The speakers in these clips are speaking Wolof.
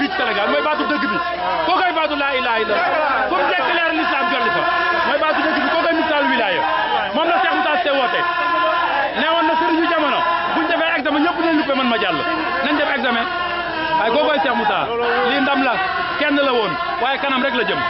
bi fii ci Sénégal mooy baatu dëgg bi koo koy baatu laa ilaaha illa fu mu nekk leer lislaam jolli fa mooy baatu dëgg bi koo koy misaal wilaaya moom la Cheikh Moussa Cissé woote nee woon na jamono buñ defee examen ñëpp nañ luppe man ma jàll nañ def examen waaye koo koy Cheikh Moussa lii ndam la kenn la woon waaye kanam rek la jëm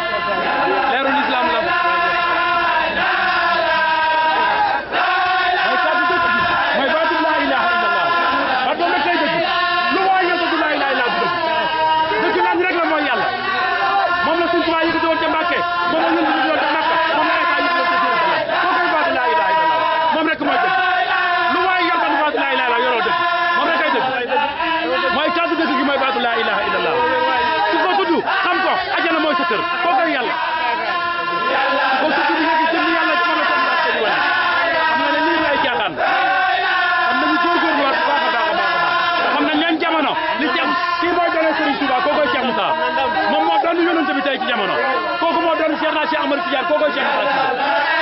tey ci jamono kooku moo doon Cheikh naa Cheikh Amadou Tidiane kooku Cheikh